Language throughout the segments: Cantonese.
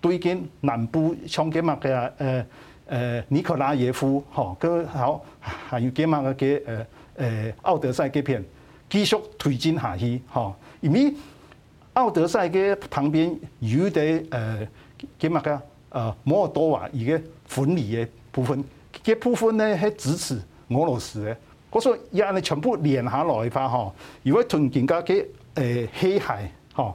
推進南部像咁啊嘅尼克拉耶夫，嗬、哦，佢好，係要咁啊嘅誒誒奧德賽嗰片繼續推進下去，嗬、哦，因為奧德賽嘅旁邊有啲誒咁啊嘅誒摩爾多瓦而個分離嘅部分，嘅部分咧係支持俄羅斯嘅，嗰所以你全部連下來，嗬，如果嘅誒黑海，嗬、哦。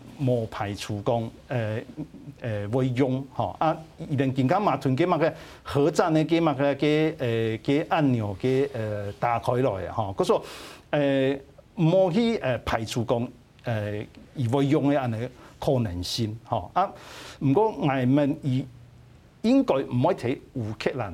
冇排除講，誒、呃、誒、呃、會用，嚇啊！連近間麻屯計物嘅核戰嘅機物嘅機誒嘅按鈕嘅誒、呃、打開落來啊！嚇、就是，嗰個誒冇去誒排除講，誒、呃、會用嘅可能性，嚇啊！唔過我哋而應該唔可以睇烏克蘭。